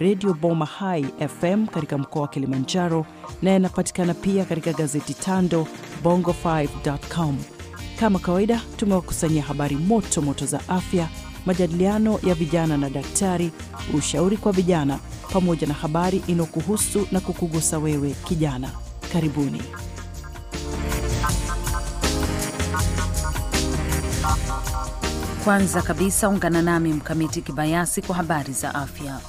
Redio Boma Hai FM katika mkoa wa Kilimanjaro na yanapatikana pia katika gazeti Tando bongo 5 com Kama kawaida, tumewakusanyia habari moto moto za afya, majadiliano ya vijana na daktari, ushauri kwa vijana, pamoja na habari inayokuhusu na kukugusa wewe kijana. Karibuni. Kwanza kabisa ungana nami Mkamiti Kibayasi kwa habari za afya.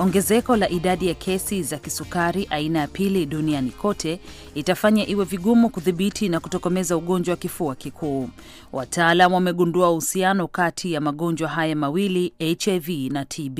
Ongezeko la idadi ya kesi za kisukari aina ya pili duniani kote itafanya iwe vigumu kudhibiti na kutokomeza ugonjwa wa kifua kikuu. Wataalam wamegundua uhusiano kati ya magonjwa haya mawili HIV na TB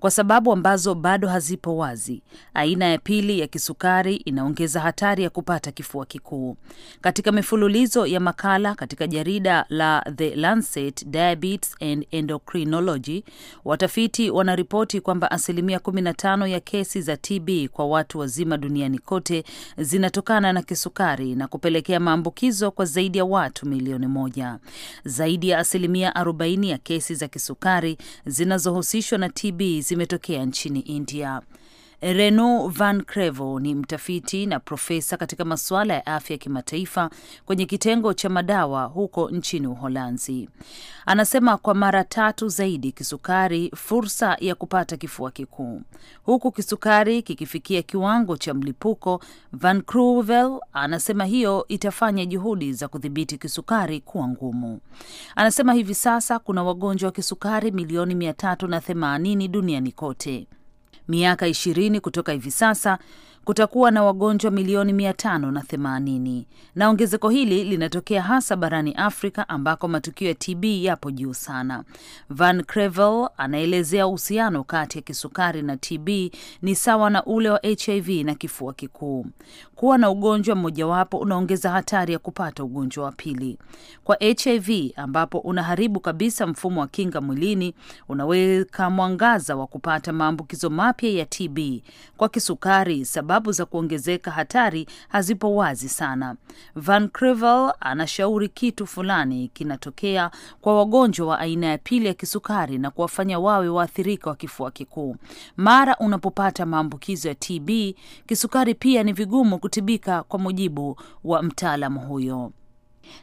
kwa sababu ambazo bado hazipo wazi. Aina ya pili ya kisukari inaongeza hatari ya kupata kifua kikuu. Katika mifululizo ya makala katika jarida la The Lancet Diabetes and Endocrinology, watafiti wanaripoti kwamba asilimia 15 ya kesi za TB kwa watu wazima duniani kote zinatokana na kisukari na kupelekea maambukizo kwa zaidi ya watu milioni moja. Zaidi ya asilimia 40 ya kesi za kisukari zinazohusishwa na TB zimetokea nchini India. Renu Van Crevo ni mtafiti na profesa katika masuala ya afya ya kimataifa kwenye kitengo cha madawa huko nchini Uholanzi. Anasema kwa mara tatu zaidi kisukari fursa ya kupata kifua kikuu, huku kisukari kikifikia kiwango cha mlipuko. Van cruvel anasema hiyo itafanya juhudi za kudhibiti kisukari kuwa ngumu. Anasema hivi sasa kuna wagonjwa wa kisukari milioni mia tatu na themanini duniani kote miaka ishirini kutoka hivi sasa kutakuwa na wagonjwa milioni mia tano na themanini na ongezeko hili linatokea hasa barani Afrika ambako matukio ya TB yapo juu sana. Van Crevel anaelezea uhusiano kati ya kisukari na TB ni sawa na ule wa HIV na kifua kikuu. Kuwa na ugonjwa mmojawapo unaongeza hatari ya kupata ugonjwa wa pili. Kwa HIV ambapo unaharibu kabisa mfumo wa kinga mwilini, unaweka mwangaza wa kupata maambukizo mapya ya TB. Kwa kisukari sababu sababu za kuongezeka hatari hazipo wazi sana. Van Crevel anashauri kitu fulani kinatokea kwa wagonjwa wa aina ya pili ya kisukari na kuwafanya wawe waathirika wa kifua kikuu. Mara unapopata maambukizo ya TB, kisukari pia ni vigumu kutibika, kwa mujibu wa mtaalamu huyo.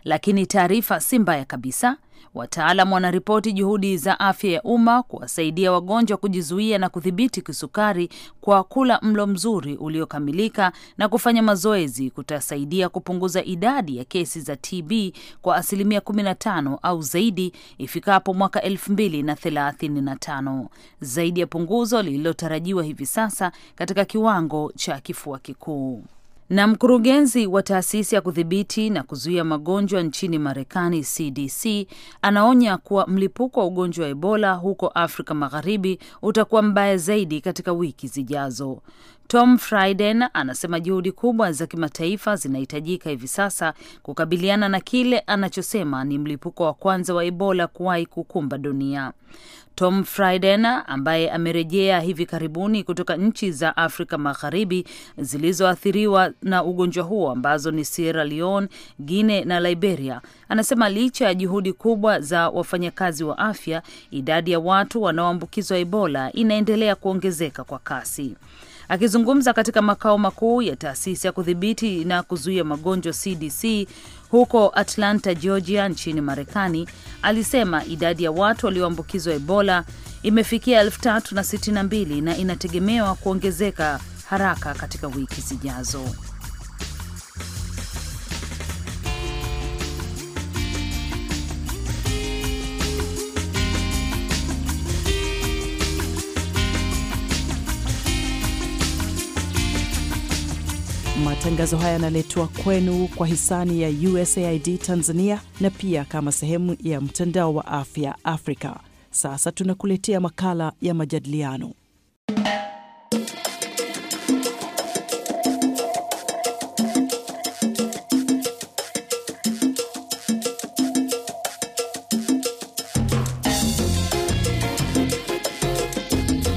Lakini taarifa si mbaya kabisa. Wataalam wanaripoti juhudi za afya ya umma kuwasaidia wagonjwa kujizuia na kudhibiti kisukari kwa kula mlo mzuri uliokamilika na kufanya mazoezi kutasaidia kupunguza idadi ya kesi za TB kwa asilimia 15 au zaidi ifikapo mwaka 2035, zaidi ya punguzo lililotarajiwa hivi sasa katika kiwango cha kifua kikuu. Na mkurugenzi wa taasisi ya kudhibiti na kuzuia magonjwa nchini Marekani, CDC, anaonya kuwa mlipuko wa ugonjwa wa Ebola huko Afrika Magharibi utakuwa mbaya zaidi katika wiki zijazo. Tom Frieden anasema juhudi kubwa za kimataifa zinahitajika hivi sasa kukabiliana na kile anachosema ni mlipuko wa kwanza wa Ebola kuwahi kukumba dunia. Tom Frieden ambaye amerejea hivi karibuni kutoka nchi za Afrika Magharibi zilizoathiriwa na ugonjwa huo ambazo ni Sierra Leone, Guinea na Liberia, anasema licha ya juhudi kubwa za wafanyakazi wa afya, idadi ya watu wanaoambukizwa Ebola inaendelea kuongezeka kwa kasi. Akizungumza katika makao makuu ya taasisi ya kudhibiti na kuzuia magonjwa CDC huko Atlanta, Georgia nchini Marekani, alisema idadi ya watu walioambukizwa Ebola imefikia 3062 na inategemewa kuongezeka haraka katika wiki zijazo. Matangazo haya yanaletwa kwenu kwa hisani ya USAID Tanzania na pia kama sehemu ya mtandao wa afya Afrika. Sasa tunakuletea makala ya majadiliano.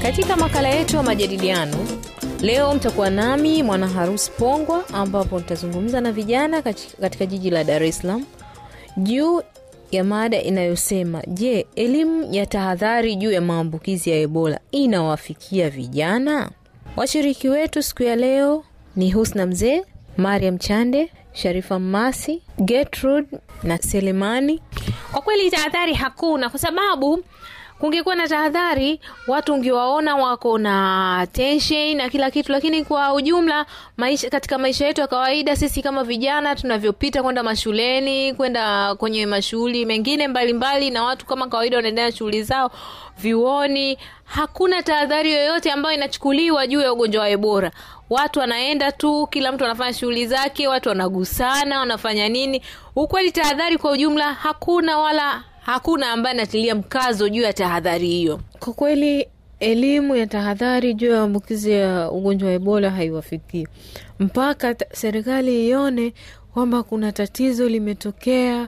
Katika makala yetu ya majadiliano Leo mtakuwa nami Mwana Harusi Pongwa, ambapo nitazungumza na vijana katika jiji la Dar es Salaam juu ya mada inayosema je, elimu ya tahadhari juu ya maambukizi ya Ebola inawafikia vijana? Washiriki wetu siku ya leo ni Husna Mzee, Mariam Chande, Sharifa Mmasi, gertrud na Selemani. Kwa kweli tahadhari hakuna, kwa sababu kungekuwa na tahadhari, watu ungewaona wako na tension na kila kitu, lakini kwa ujumla maisha, katika maisha yetu ya kawaida sisi kama vijana tunavyopita kwenda mashuleni, kwenda kwenye mashughuli mengine mbalimbali mbali, na watu kama kawaida wanaendelea shughuli zao vioni, hakuna tahadhari yoyote ambayo inachukuliwa juu ya ugonjwa wa ebora Watu wanaenda tu, kila mtu anafanya shughuli zake, watu wanagusana, wanafanya nini. Ukweli tahadhari kwa ujumla hakuna wala hakuna ambaye anatilia mkazo juu ya tahadhari hiyo. Kwa kweli elimu ya tahadhari juu ya maambukizi ya ugonjwa wa Ebola haiwafikii mpaka serikali ione kwamba kuna tatizo limetokea,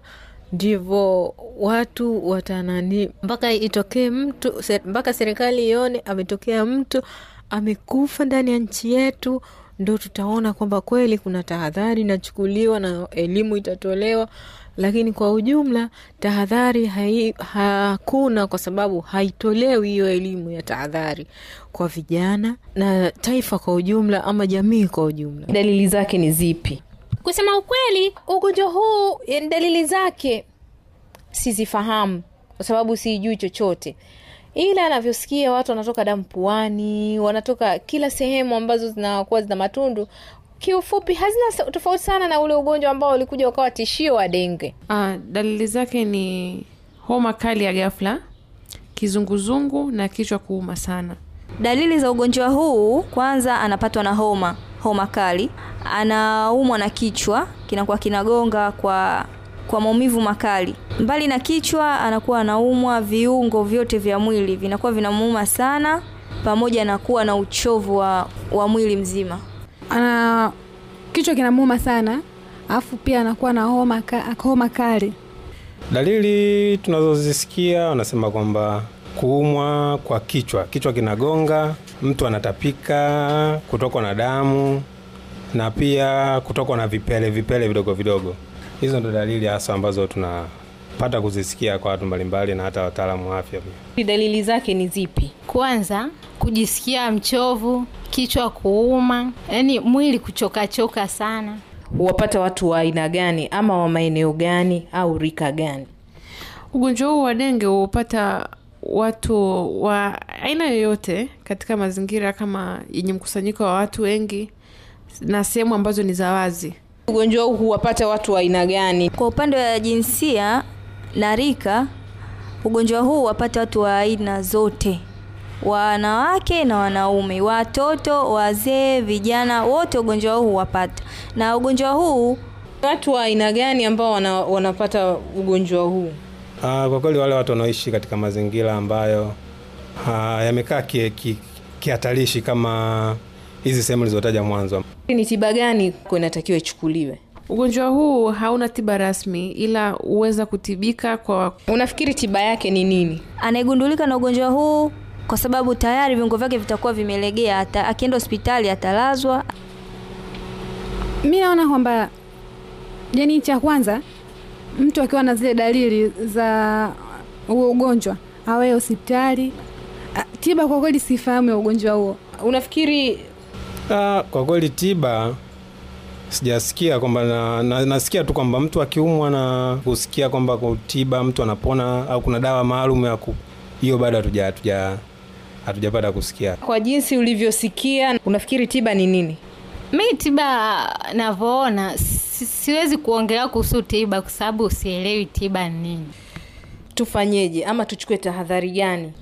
ndivyo watu watanani, mpaka itokee mtu ser, mpaka serikali ione ametokea mtu amekufa ndani ya nchi yetu, ndo tutaona kwamba kweli kuna tahadhari inachukuliwa na elimu itatolewa lakini kwa ujumla tahadhari hai, hakuna kwa sababu haitolewi hiyo elimu ya tahadhari kwa vijana na taifa kwa ujumla ama jamii kwa ujumla. Dalili zake ni zipi? Kusema ukweli, ugonjwa huu dalili zake sizifahamu kwa sababu sijui chochote ila anavyosikia watu wanatoka damu puani, wanatoka kila sehemu ambazo zinakuwa zina matundu, kiufupi hazina tofauti sana na ule ugonjwa ambao ulikuja ukawa tishio wa denge. Ah, dalili zake ni homa kali ya gafla kizunguzungu na kichwa kuuma sana. Dalili za ugonjwa huu, kwanza anapatwa na homa, homa kali, anaumwa na kichwa, kinakuwa kinagonga kwa kwa maumivu makali. Mbali na kichwa, anakuwa anaumwa, viungo vyote vya mwili vinakuwa vinamuuma sana, pamoja na kuwa na uchovu wa, wa mwili mzima ana kichwa kinamuuma sana, alafu pia anakuwa na homa, homa kali. Dalili tunazozisikia wanasema kwamba kuumwa kwa kichwa, kichwa kinagonga, mtu anatapika, kutokwa na damu na pia kutokwa na vipele vipele vidogo vidogo. Hizo ndo dalili hasa ambazo tunapata kuzisikia kwa watu mbalimbali na hata wataalamu wa afya. Dalili zake ni zipi? Kwanza, kujisikia mchovu kichwa kuuma, yaani mwili kuchokachoka sana. Huwapata watu wa aina gani ama wa maeneo gani au rika gani? Ugonjwa huu wa denge huupata watu wa aina yoyote katika mazingira kama yenye mkusanyiko wa watu wengi na sehemu ambazo ni za wazi. Ugonjwa huu huwapata watu wa aina gani? Kwa upande wa jinsia na rika, ugonjwa huu huwapata watu wa aina zote wanawake na wanaume, watoto, wazee, vijana, wote ugonjwa huu huwapata. Na ugonjwa huu, watu wa aina gani ambao wana, wanapata ugonjwa huu? Aa, ah, kwa kweli wale watu wanaoishi katika mazingira ambayo ah, yamekaa kihatarishi ki, ki kama hizi sehemu nilizotaja mwanzo. Ni tiba gani inatakiwa ichukuliwe? Ugonjwa huu hauna tiba rasmi, ila huweza kutibika kwa. Unafikiri tiba yake ni nini? Anayegundulika na ugonjwa huu kwa sababu tayari viungo vyake vitakuwa vimelegea, hata akienda hospitali atalazwa. Mi naona kwamba yani, cha kwanza mtu akiwa na zile dalili za huo ugonjwa awe hospitali. Tiba kwa kweli sifahamu ya ugonjwa huo. Unafikiri Ah, kwa kweli tiba sijasikia kwamba na, na, nasikia tu kwamba mtu akiumwa na kusikia kwamba kutiba mtu anapona au kuna dawa maalum ya hiyo, bado hatuja hatujapata kusikia. Kwa jinsi ulivyosikia, unafikiri tiba ni nini? Mi tiba navyoona, si, siwezi kuongelea kuhusu tiba kwa sababu sielewi tiba ni nini. Tufanyeje ama tuchukue tahadhari gani?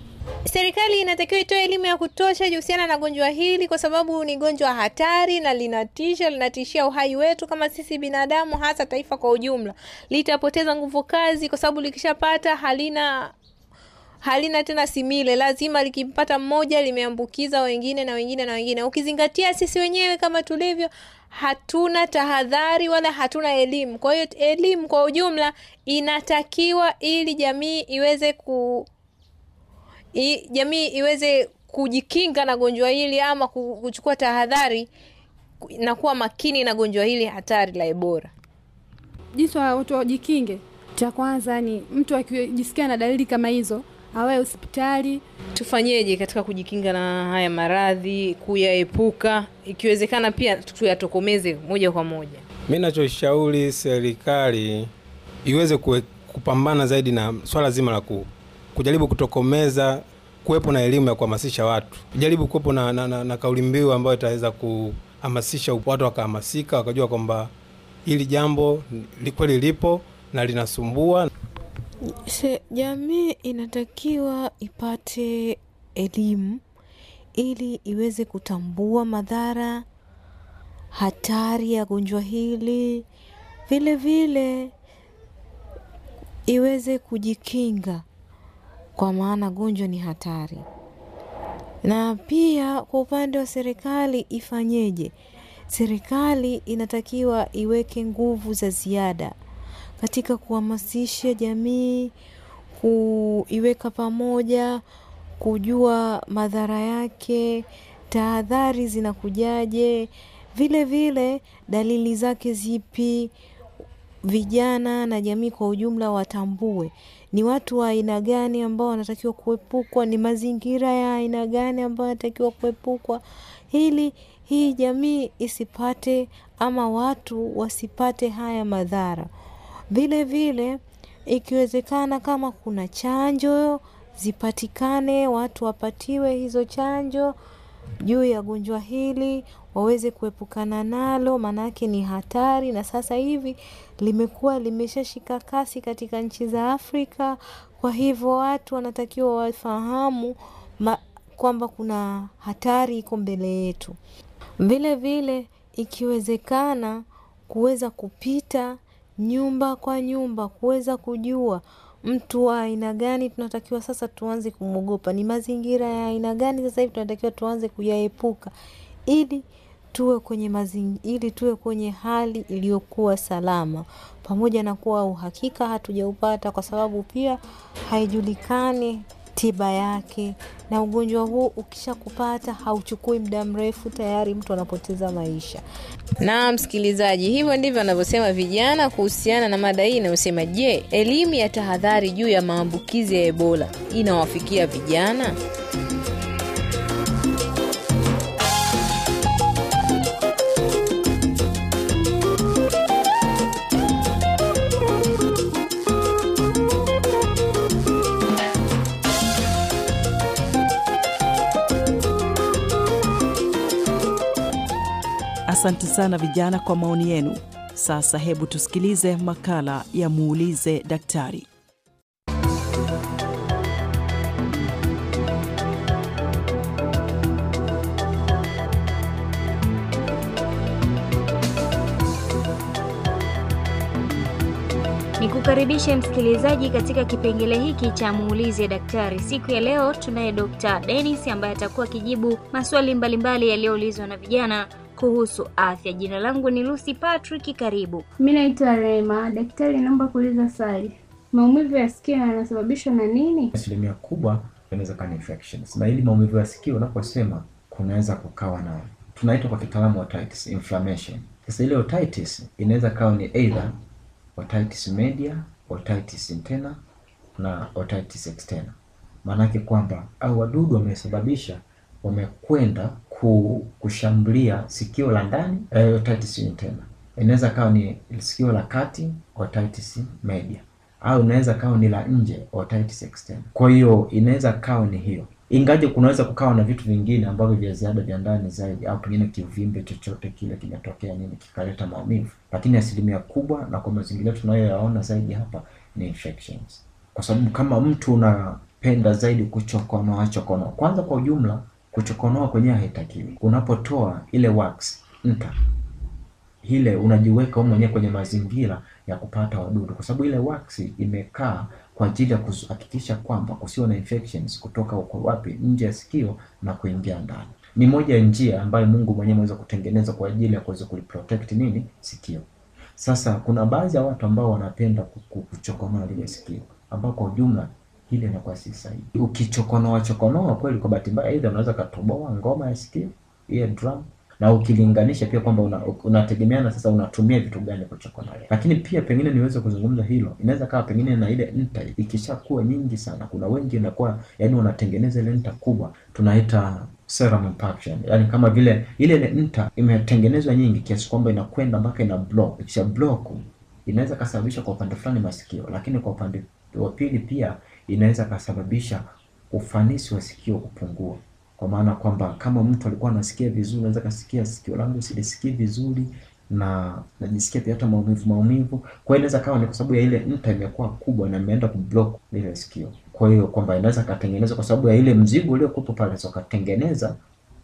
Serikali inatakiwa itoe elimu ya kutosha juhusiana na gonjwa hili, kwa sababu ni gonjwa hatari na linatisha, linatishia uhai wetu kama sisi binadamu, hasa taifa kwa ujumla. Litapoteza nguvu kazi, kwa sababu likishapata halina halina tena simile, lazima likimpata mmoja limeambukiza wengine na wengine na wengine, ukizingatia sisi wenyewe kama tulivyo hatuna tahadhari wala hatuna elimu. Kwa hiyo elimu kwa ujumla inatakiwa ili jamii iweze ku i, jamii iweze kujikinga na gonjwa hili ama kuchukua tahadhari na kuwa makini na gonjwa hili hatari la ebora Jinsi watu wajikinge, cha kwanza ni mtu akijisikia na dalili kama hizo awe hospitali. Tufanyeje katika kujikinga na haya maradhi, kuyaepuka, ikiwezekana pia tuyatokomeze moja kwa moja? Mi nachoshauri serikali iweze kue, kupambana zaidi na swala zima la kujaribu kutokomeza, kuwepo na elimu ya kuhamasisha watu, jaribu kuwepo na, na, na, na kauli mbiu ambayo itaweza kuhamasisha watu, wakahamasika wakajua kwamba hili jambo kweli lipo na linasumbua. Se, jamii inatakiwa ipate elimu ili iweze kutambua madhara, hatari ya gonjwa hili, vile vile iweze kujikinga, kwa maana gonjwa ni hatari. Na pia kwa upande wa serikali ifanyeje? Serikali inatakiwa iweke nguvu za ziada katika kuhamasisha jamii, kuiweka pamoja, kujua madhara yake, tahadhari zinakujaje, vile vile dalili zake zipi, vijana na jamii kwa ujumla watambue ni watu wa aina gani ambao wanatakiwa kuepukwa, ni mazingira ya aina gani ambayo wanatakiwa kuepukwa, ili hii jamii isipate ama watu wasipate haya madhara. Vile vile ikiwezekana, kama kuna chanjo zipatikane, watu wapatiwe hizo chanjo juu ya gonjwa hili waweze kuepukana nalo, maanake ni hatari, na sasa hivi limekuwa limeshashika kasi katika nchi za Afrika. Kwa hivyo watu wanatakiwa wafahamu kwamba kuna hatari iko mbele yetu. Vile vile ikiwezekana, kuweza kupita nyumba kwa nyumba kuweza kujua mtu wa aina gani tunatakiwa sasa tuanze kumwogopa, ni mazingira ya aina gani sasa hivi tunatakiwa tuanze kuyaepuka ili tuwe kwenye mazing, ili tuwe kwenye hali iliyokuwa salama, pamoja na kuwa uhakika hatujaupata, kwa sababu pia haijulikani tiba yake, na ugonjwa huu ukishakupata hauchukui muda mrefu, tayari mtu anapoteza maisha. Na msikilizaji, hivyo ndivyo anavyosema vijana kuhusiana na mada hii inayosema, je, elimu ya tahadhari juu ya maambukizi ya Ebola inawafikia vijana? Asante sana vijana kwa maoni yenu. Sasa hebu tusikilize makala ya muulize daktari. Nikukaribishe msikilizaji katika kipengele hiki cha muulize daktari. Siku ya leo tunaye Dkt. Dennis ambaye atakuwa akijibu maswali mbalimbali yaliyoulizwa na vijana kuhusu afya. Jina langu ni Lucy Patrick, karibu. Mi naitwa Rema. Daktari, naomba kuuliza swali, maumivu ya sikio yanasababishwa na nini? Asilimia kubwa inaweza kuwa ni infections, na ili maumivu ya sikio unaposema, kunaweza kukawa na tunaitwa kwa kitaalamu otitis inflammation. Sasa ile otitis inaweza kawa ni either otitis media, otitis interna na otitis externa, maanake kwamba au wadudu wamesababisha wamekwenda kushambulia sikio la ndani eh, otitis interna. Inaweza kawa ni sikio la kati otitis media, au inaweza kawa ni la nje otitis externa. Kwa hiyo inaweza kawa ni hiyo, ingaje kunaweza kukawa na vitu vingine ambavyo vya ziada vya ndani zaidi, au pengine kivimbe chochote kile kimetokea nini kikaleta maumivu, lakini asilimia kubwa na kwa mazingira tunayoyaona zaidi hapa ni infections, kwa sababu kama mtu unapenda zaidi kuchokonoa chokonoa kwanza kwa ujumla Kuchokonoa kwenyewe haitakiwi. Unapotoa ile wax nta ile, unajiweka wewe mwenyewe kwenye mazingira ya kupata wadudu, kwa sababu ile wax imekaa kwa ajili ya kuhakikisha kwamba kusiwa na infections kutoka kwa wapi, nje ya sikio na kuingia ndani. Ni moja ya njia ambayo Mungu mwenyewe ameweza kutengeneza kwa ajili ya kuweza kuliprotect nini sikio. Sasa kuna baadhi ya watu ambao wanapenda kuchokonoa lile sikio, ambao kwa ujumla ile inakuwa si sahihi. Ukichokonoa chokonoa kweli, kwa bahati mbaya, aidha unaweza katoboa ngoma ya sikio ile drum, na ukilinganisha pia kwamba unategemeana una, sasa unatumia vitu gani kuchokonoa. Lakini pia pengine niweze kuzungumza hilo, inaweza kawa pengine na ile nta ikishakuwa nyingi sana, kuna wengi inakuwa yani wanatengeneza ile nta kubwa, tunaita serum impaction, yani kama vile ile ile nta imetengenezwa nyingi kiasi kwamba inakwenda mpaka ina block. Ikisha block inaweza kasababisha kwa upande fulani masikio, lakini kwa upande wa pili pia inaweza kasababisha ufanisi wa sikio kupungua, kwa maana kwamba kama mtu alikuwa anasikia vizuri, anaweza kasikia sikio langu silisikii vizuri na najisikia pia hata maumivu maumivu. Kwa hiyo inaweza kawa ni kwa sababu ya ile nta imekuwa kubwa na imeenda kublock lile sikio. Kwa hiyo kwamba inaweza katengeneza kwa sababu ya ile mzigo uliokuwepo pale, so katengeneza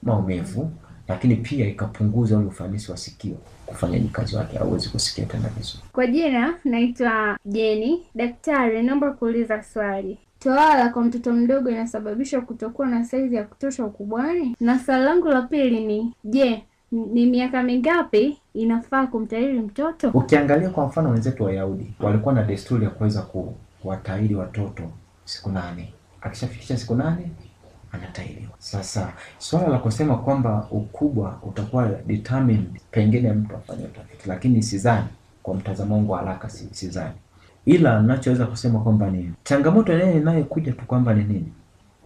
maumivu, lakini pia ikapunguza ule ufanisi wa sikio kufanyaji kazi wake hauwezi kusikia tena vizuri. Kwa jina naitwa Jeni. Daktari, naomba kuuliza swali Tohara kwa mtoto mdogo inasababishwa kutokuwa na saizi ya kutosha ukubwani? Na swali langu la pili ni je, ni miaka mingapi inafaa kumtahiri mtoto? Ukiangalia kwa mfano wenzetu Wayahudi walikuwa na desturi ya kuweza kuwatahiri watoto siku nane. Akishafikisha siku nane anatahiriwa. Sasa swala la kusema kwamba ukubwa utakuwa determined, pengine mtu afanye utafiti, lakini sidhani, kwa mtazamo wangu haraka, sidhani, ila ninachoweza kusema kwamba ni changamoto yenyewe inayokuja tu kwamba ni nini,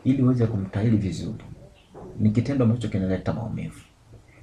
ili uweze kumtahiri vizuri, ni kitendo ambacho kinaleta maumivu.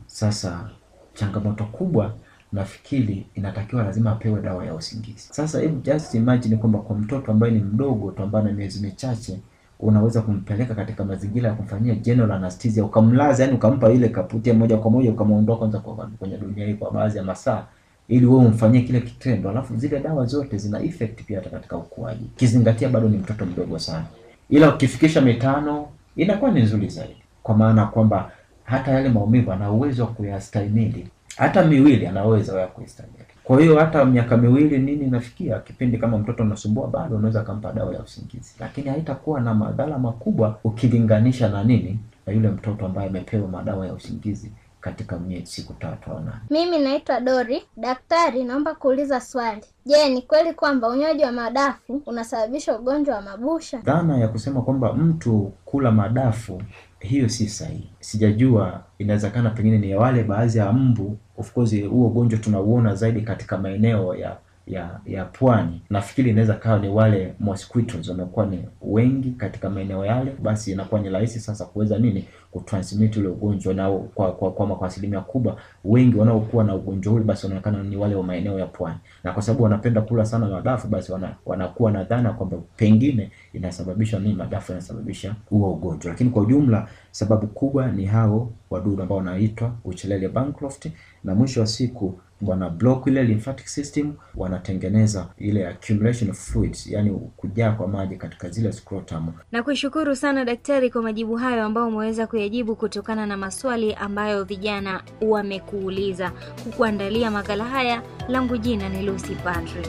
Sasa changamoto kubwa nafikiri inatakiwa lazima apewe dawa ya usingizi. Sasa hebu just imagine kwamba kwa mtoto ambaye ni mdogo tu ambaye ana miezi michache unaweza kumpeleka katika mazingira ya kumfanyia general anesthesia, ukamlaza, yani ukampa ile kaputi moja kwa moja, ukamondoa kwanza kwa kwenye dunia hii kwa baadhi ya masaa, ili wewe umfanyie kile kitendo. Alafu zile dawa zote zina effect pia hata katika ukuaji, kizingatia bado ni mtoto mdogo sana, ila ukifikisha mitano inakuwa ni nzuri zaidi, kwa maana kwamba hata yale maumivu ana uwezo wa kuyastahimili, hata miwili anaweza ya kuistahimili. Kwa hiyo hata miaka miwili nini nafikia kipindi, kama mtoto unasumbua bado unaweza kumpa dawa ya usingizi, lakini haitakuwa na madhara makubwa ukilinganisha na nini na yule mtoto ambaye amepewa madawa ya usingizi katika miezi siku tatu au nane. Mimi naitwa Dori. Daktari, naomba kuuliza swali. Je, ni kweli kwamba unywaji wa madafu unasababisha ugonjwa wa mabusha? Dhana ya kusema kwamba mtu kula madafu hiyo si sahihi. Sijajua, inawezekana pengine ni wale baadhi ya mbu. Of course huo ugonjwa tunauona zaidi katika maeneo ya ya ya pwani, nafikiri inaweza kawa ni wale mosquitoes wamekuwa ni wengi katika maeneo yale, basi inakuwa ni rahisi sasa kuweza nini kutransmit ule ugonjwa, na kwa kwa kwa, kwa asilimia kubwa wengi wanaokuwa na ugonjwa ule basi wanaonekana ni wale wa maeneo ya pwani, na kwa sababu wanapenda kula sana madafu, basi wana, wanakuwa na dhana kwamba pengine inasababisha nini, madafu yanasababisha huo ugonjwa, lakini kwa ujumla sababu kubwa ni hao wadudu ambao wanaitwa uchelele Bancroft, na mwisho wa siku wana block ile lymphatic system, wanatengeneza ile accumulation of fluids, yani kujaa kwa maji katika zile scrotum. Na kushukuru sana daktari kwa majibu hayo ambayo umeweza kuyajibu kutokana na maswali ambayo vijana wamekuuliza. Kukuandalia makala haya, langu jina ni Lucy Patrick.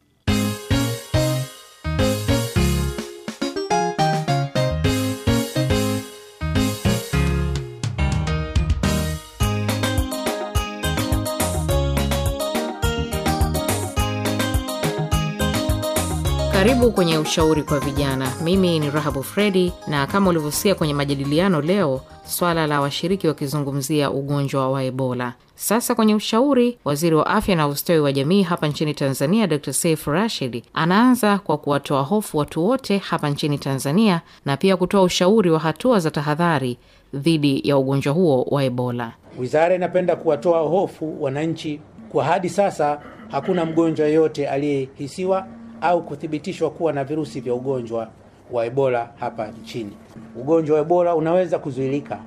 Karibu kwenye ushauri kwa vijana. Mimi ni Rahabu Fredi, na kama ulivyosikia kwenye majadiliano leo, swala la washiriki wakizungumzia ugonjwa wa Ebola. Sasa kwenye ushauri, waziri wa afya na ustawi wa jamii hapa nchini Tanzania, Dr Saif Rashid anaanza kwa kuwatoa hofu watu wote hapa nchini Tanzania na pia kutoa ushauri wa hatua za tahadhari dhidi ya ugonjwa huo wa Ebola. Wizara inapenda kuwatoa hofu wananchi kwa hadi sasa hakuna mgonjwa yeyote aliyehisiwa au kuthibitishwa kuwa na virusi vya ugonjwa wa Ebola hapa nchini. Ugonjwa wa Ebola unaweza kuzuilika.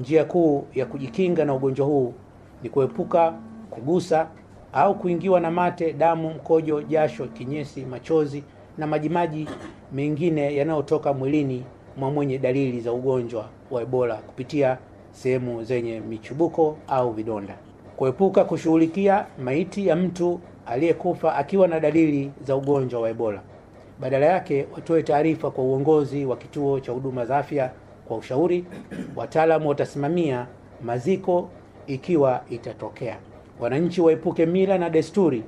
Njia kuu ya kujikinga na ugonjwa huu ni kuepuka kugusa au kuingiwa na mate, damu, mkojo, jasho, kinyesi, machozi na majimaji mengine yanayotoka mwilini mwa mwenye dalili za ugonjwa wa Ebola kupitia sehemu zenye michubuko au vidonda. Kuepuka kushughulikia maiti ya mtu aliyekufa akiwa na dalili za ugonjwa wa Ebola. Badala yake watoe taarifa kwa uongozi wa kituo cha huduma za afya kwa ushauri. Wataalamu watasimamia maziko ikiwa itatokea. Wananchi waepuke mila na desturi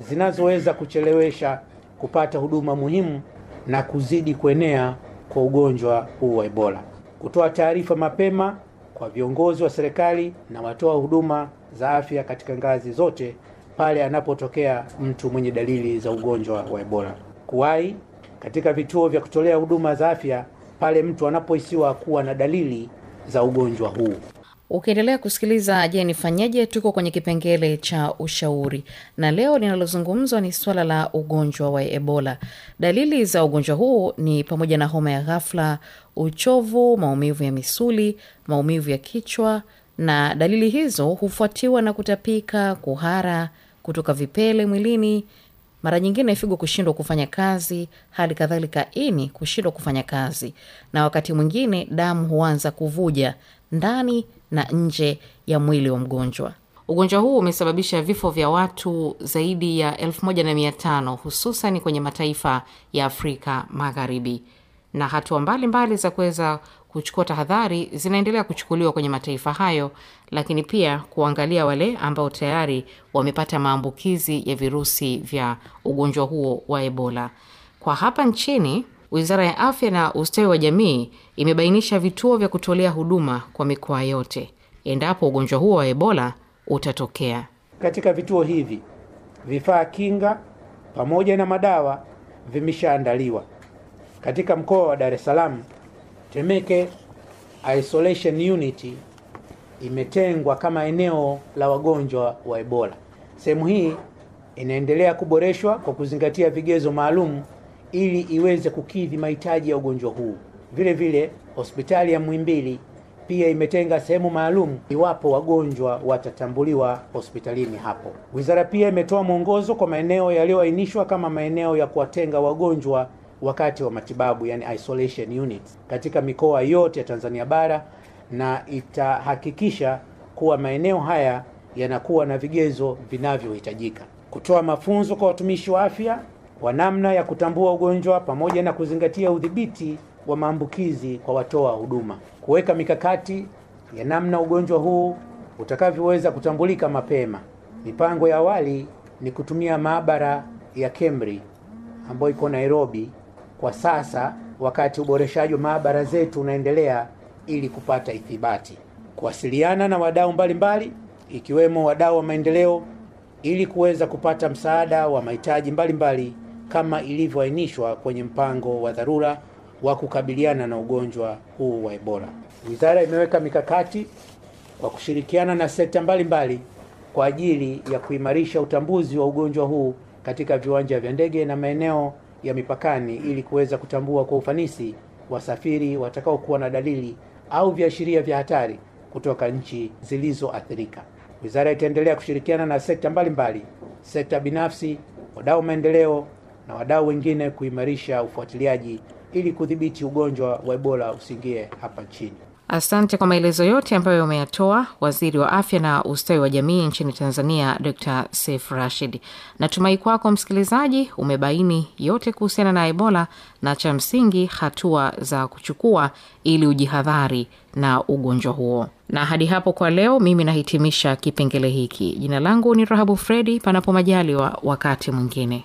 zinazoweza kuchelewesha kupata huduma muhimu na kuzidi kuenea kwa ugonjwa huu wa Ebola. Kutoa taarifa mapema kwa viongozi wa serikali na watoa huduma za afya katika ngazi zote pale anapotokea mtu mwenye dalili za ugonjwa wa Ebola. Kuwahi katika vituo vya kutolea huduma za afya pale mtu anapohisiwa kuwa na dalili za ugonjwa huu. Ukiendelea kusikiliza Je, nifanyeje, tuko kwenye kipengele cha ushauri, na leo linalozungumzwa ni suala la ugonjwa wa Ebola. Dalili za ugonjwa huu ni pamoja na homa ya ghafla, uchovu, maumivu ya misuli, maumivu ya kichwa, na dalili hizo hufuatiwa na kutapika, kuhara kutoka vipele mwilini mara nyingine figo kushindwa kufanya kazi hali kadhalika ini kushindwa kufanya kazi na wakati mwingine damu huanza kuvuja ndani na nje ya mwili wa mgonjwa ugonjwa huu umesababisha vifo vya watu zaidi ya 15 hususan kwenye mataifa ya afrika magharibi na hatua mbalimbali za kuweza kuchukua tahadhari zinaendelea kuchukuliwa kwenye mataifa hayo, lakini pia kuangalia wale ambao tayari wamepata maambukizi ya virusi vya ugonjwa huo wa Ebola. Kwa hapa nchini, Wizara ya Afya na Ustawi wa Jamii imebainisha vituo vya kutolea huduma kwa mikoa yote endapo ugonjwa huo wa Ebola utatokea. Katika vituo hivi, vifaa kinga pamoja na madawa vimeshaandaliwa. Katika mkoa wa Dar es Salaam Temeke Isolation Unit imetengwa kama eneo la wagonjwa wa Ebola. Sehemu hii inaendelea kuboreshwa kwa kuzingatia vigezo maalum ili iweze kukidhi mahitaji ya ugonjwa huu. Vile vile hospitali ya Muhimbili pia imetenga sehemu maalum iwapo wagonjwa watatambuliwa hospitalini hapo. Wizara pia imetoa mwongozo kwa maeneo yaliyoainishwa kama maeneo ya kuwatenga wagonjwa wakati wa matibabu, yani isolation units, katika mikoa yote ya Tanzania bara na itahakikisha kuwa maeneo haya yanakuwa na vigezo vinavyohitajika. Kutoa mafunzo kwa watumishi wa afya kwa namna ya kutambua ugonjwa pamoja na kuzingatia udhibiti wa maambukizi kwa watoa huduma. Kuweka mikakati ya namna ugonjwa huu utakavyoweza kutambulika mapema. Mipango ya awali ni kutumia maabara ya KEMRI ambayo iko Nairobi kwa sasa wakati uboreshaji wa maabara zetu unaendelea ili kupata ithibati, kuwasiliana na wadau mbalimbali ikiwemo wadau wa maendeleo ili kuweza kupata msaada wa mahitaji mbalimbali kama ilivyoainishwa kwenye mpango wa dharura wa kukabiliana na ugonjwa huu wa Ebola. Wizara imeweka mikakati kwa kushirikiana na sekta mbalimbali kwa ajili ya kuimarisha utambuzi wa ugonjwa huu katika viwanja vya ndege na maeneo ya mipakani ili kuweza kutambua kwa ufanisi wasafiri watakaokuwa na dalili au viashiria vya hatari kutoka nchi zilizoathirika. Wizara itaendelea kushirikiana na sekta mbalimbali mbali, sekta binafsi, wadau maendeleo na wadau wengine kuimarisha ufuatiliaji ili kudhibiti ugonjwa wa Ebola usiingie hapa nchini. Asante kwa maelezo yote ambayo umeyatoa waziri wa afya na ustawi wa jamii nchini Tanzania, Dr Seif Rashid. Natumai kwako msikilizaji umebaini yote kuhusiana na Ebola na cha msingi hatua za kuchukua ili ujihadhari na ugonjwa huo. Na hadi hapo kwa leo, mimi nahitimisha kipengele hiki. Jina langu ni Rahabu Fredi, panapo majaliwa wakati mwingine.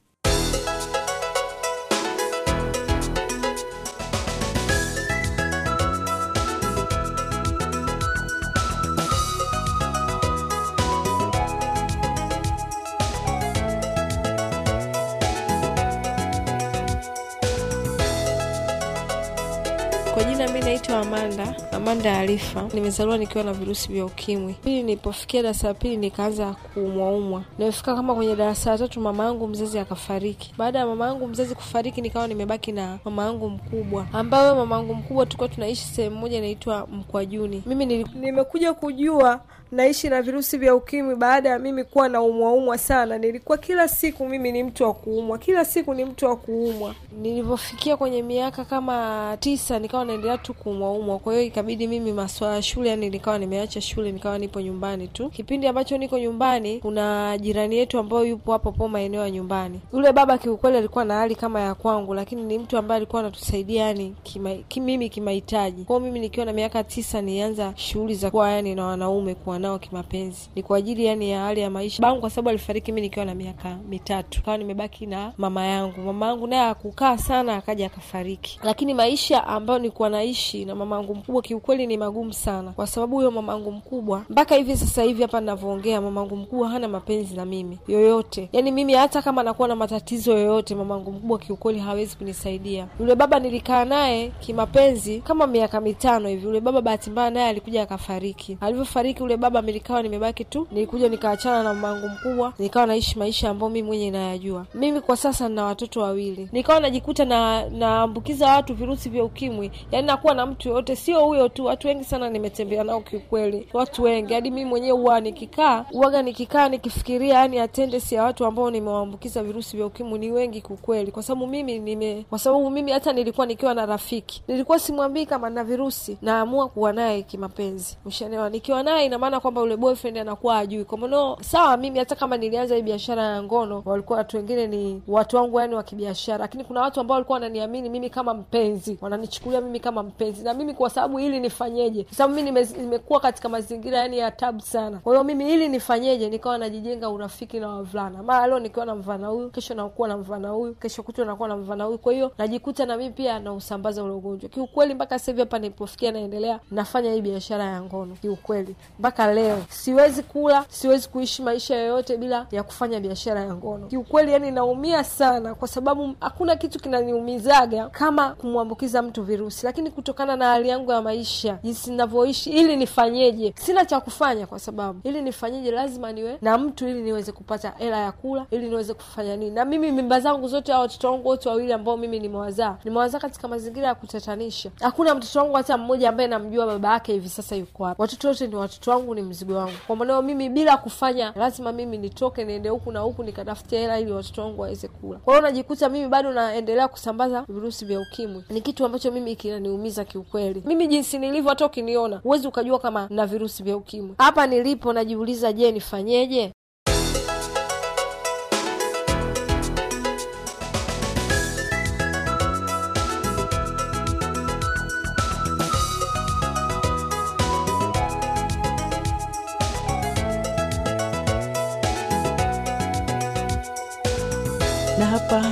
Kwa jina mi naitwa Amanda, Amanda Alifa. Nimezaliwa nikiwa na virusi vya ukimwi. Pili, nilipofikia darasa la pili nikaanza kuumwaumwa. Nimefika kama kwenye darasa la tatu, mama yangu mzazi akafariki. Baada ya mama yangu mzazi kufariki, nikawa nimebaki na mama yangu mkubwa, ambayo mama yangu mkubwa tulikuwa tunaishi sehemu moja inaitwa Mkwajuni. Mimi nimekuja kujua naishi na virusi vya ukimwi baada ya mimi kuwa na umwaumwa sana. Nilikuwa kila siku mimi ni mtu wa kuumwa, kila siku ni mtu wa kuumwa. Nilivyofikia kwenye miaka kama tisa, nikawa naendelea tu kuumwaumwa, kwa hiyo ikabidi mimi maswala ya shule, yani nikawa nimeacha shule, nikawa nipo nyumbani tu. Kipindi ambacho niko nyumbani, kuna jirani yetu ambayo yupo hapo po maeneo ya nyumbani. Yule baba kiukweli alikuwa na hali kama ya kwangu, lakini ni mtu ambaye alikuwa anatusaidia yani kima, kimimi kimahitaji kwao. Mimi nikiwa na miaka tisa, nianza shughuli za kuwa yani na wanaume kwa nao kimapenzi, ni kwa ajili yani ya hali ya maisha bangu, kwa sababu alifariki mi nikiwa na miaka mitatu, kawa nimebaki na mama yangu. Mama yangu naye akukaa sana, akaja akafariki. Lakini maisha ambayo nilikuwa naishi na mama yangu mkubwa, kiukweli ni magumu sana, kwa sababu huyo mama yangu mkubwa mpaka hivi sasa hivi hapa ninavyoongea, mama yangu mkubwa hana mapenzi na mimi yoyote. Yani mimi hata kama nakuwa na matatizo yoyote, mama yangu mkubwa kiukweli hawezi kunisaidia. Yule baba nilikaa naye kimapenzi kama miaka mitano hivi, yule baba bahati mbaya naye alikuja akafariki. Alivyofariki yule baba baba nilikawa nimebaki tu, nilikuja nikaachana na mamangu mkubwa, nikawa naishi maisha ambayo mimi mwenye nayajua. Mimi kwa sasa nina watoto wawili, nikawa najikuta na naambukiza watu virusi vya ukimwi, yaani nakuwa na mtu yoyote, sio huyo tu, watu wengi sana nimetembea nao kiukweli, watu wengi hadi mimi mwenyewe huwa nikikaa uwaga nikikaa nikifikiria, yani attendance ya watu ambao nimewaambukiza virusi vya ukimwi ni wengi kiukweli, kwa sababu mimi nime, kwa sababu mimi hata nilikuwa nikiwa na rafiki nilikuwa simwambii kama na virusi, naamua kuwa naye kimapenzi, mshanewa nikiwa naye inamaana kwamba ule boyfriend anakuwa ajui kwamba no, sawa, mimi hata kama nilianza hii biashara ya ngono, walikuwa watu wengine ni watu wangu, yani wa kibiashara, lakini kuna watu ambao walikuwa wananiamini mimi kama mpenzi, wananichukulia mimi kama mpenzi, na mimi kwa sababu hili nifanyeje? Kwa sababu mimi nimekuwa katika mazingira yani ya tabu sana, kwa hiyo mimi hili nifanyeje? Nikawa najijenga urafiki na wavulana, mara leo nikiwa na mvana huyu, kesho nakuwa na mvana huyu, kesho kutwa nakuwa na mvana huyu, kwa hiyo najikuta na mimi pia nausambaza ule ugonjwa. Kiukweli mpaka sasa hivi hapa nilipofikia, naendelea nafanya hii biashara ya ngono kiukweli mpaka leo. Siwezi kula, siwezi kuishi maisha yoyote bila ya kufanya biashara ya ngono. Kiukweli yani naumia sana, kwa sababu hakuna kitu kinaniumizaga kama kumwambukiza mtu virusi, lakini kutokana na hali yangu ya maisha, jinsi ninavyoishi, ili nifanyeje? Sina cha kufanya, kwa sababu ili nifanyeje, lazima niwe na mtu ili niweze kupata hela ya kula, ili niweze kufanya nini. Na mimi mimba zangu zote, hao watoto wangu wote wawili ambao mimi nimewazaa, nimewazaa katika mazingira ya kutatanisha. Hakuna mtoto wangu hata mmoja ambaye namjua baba yake hivi sasa yuko wapi. Watoto wote ni watoto wangu ni mzigo wangu. Kwamba leo mimi bila kufanya, lazima mimi nitoke niende huku na huku nikatafutia hela ili watoto wangu waweze kula. Kwa hiyo najikuta mimi bado naendelea kusambaza virusi vya ukimwi. Ni kitu ambacho mimi kinaniumiza kiukweli. Mimi jinsi nilivyo, hata ukiniona huwezi ukajua kama na virusi vya ukimwi. Hapa nilipo najiuliza, je, nifanyeje?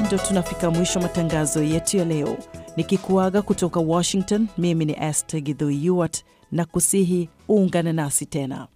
ndio tunafika mwisho matangazo yetu ya leo, nikikuaga kutoka Washington. Mimi ni este Gidhui na kusihi uungane nasi tena.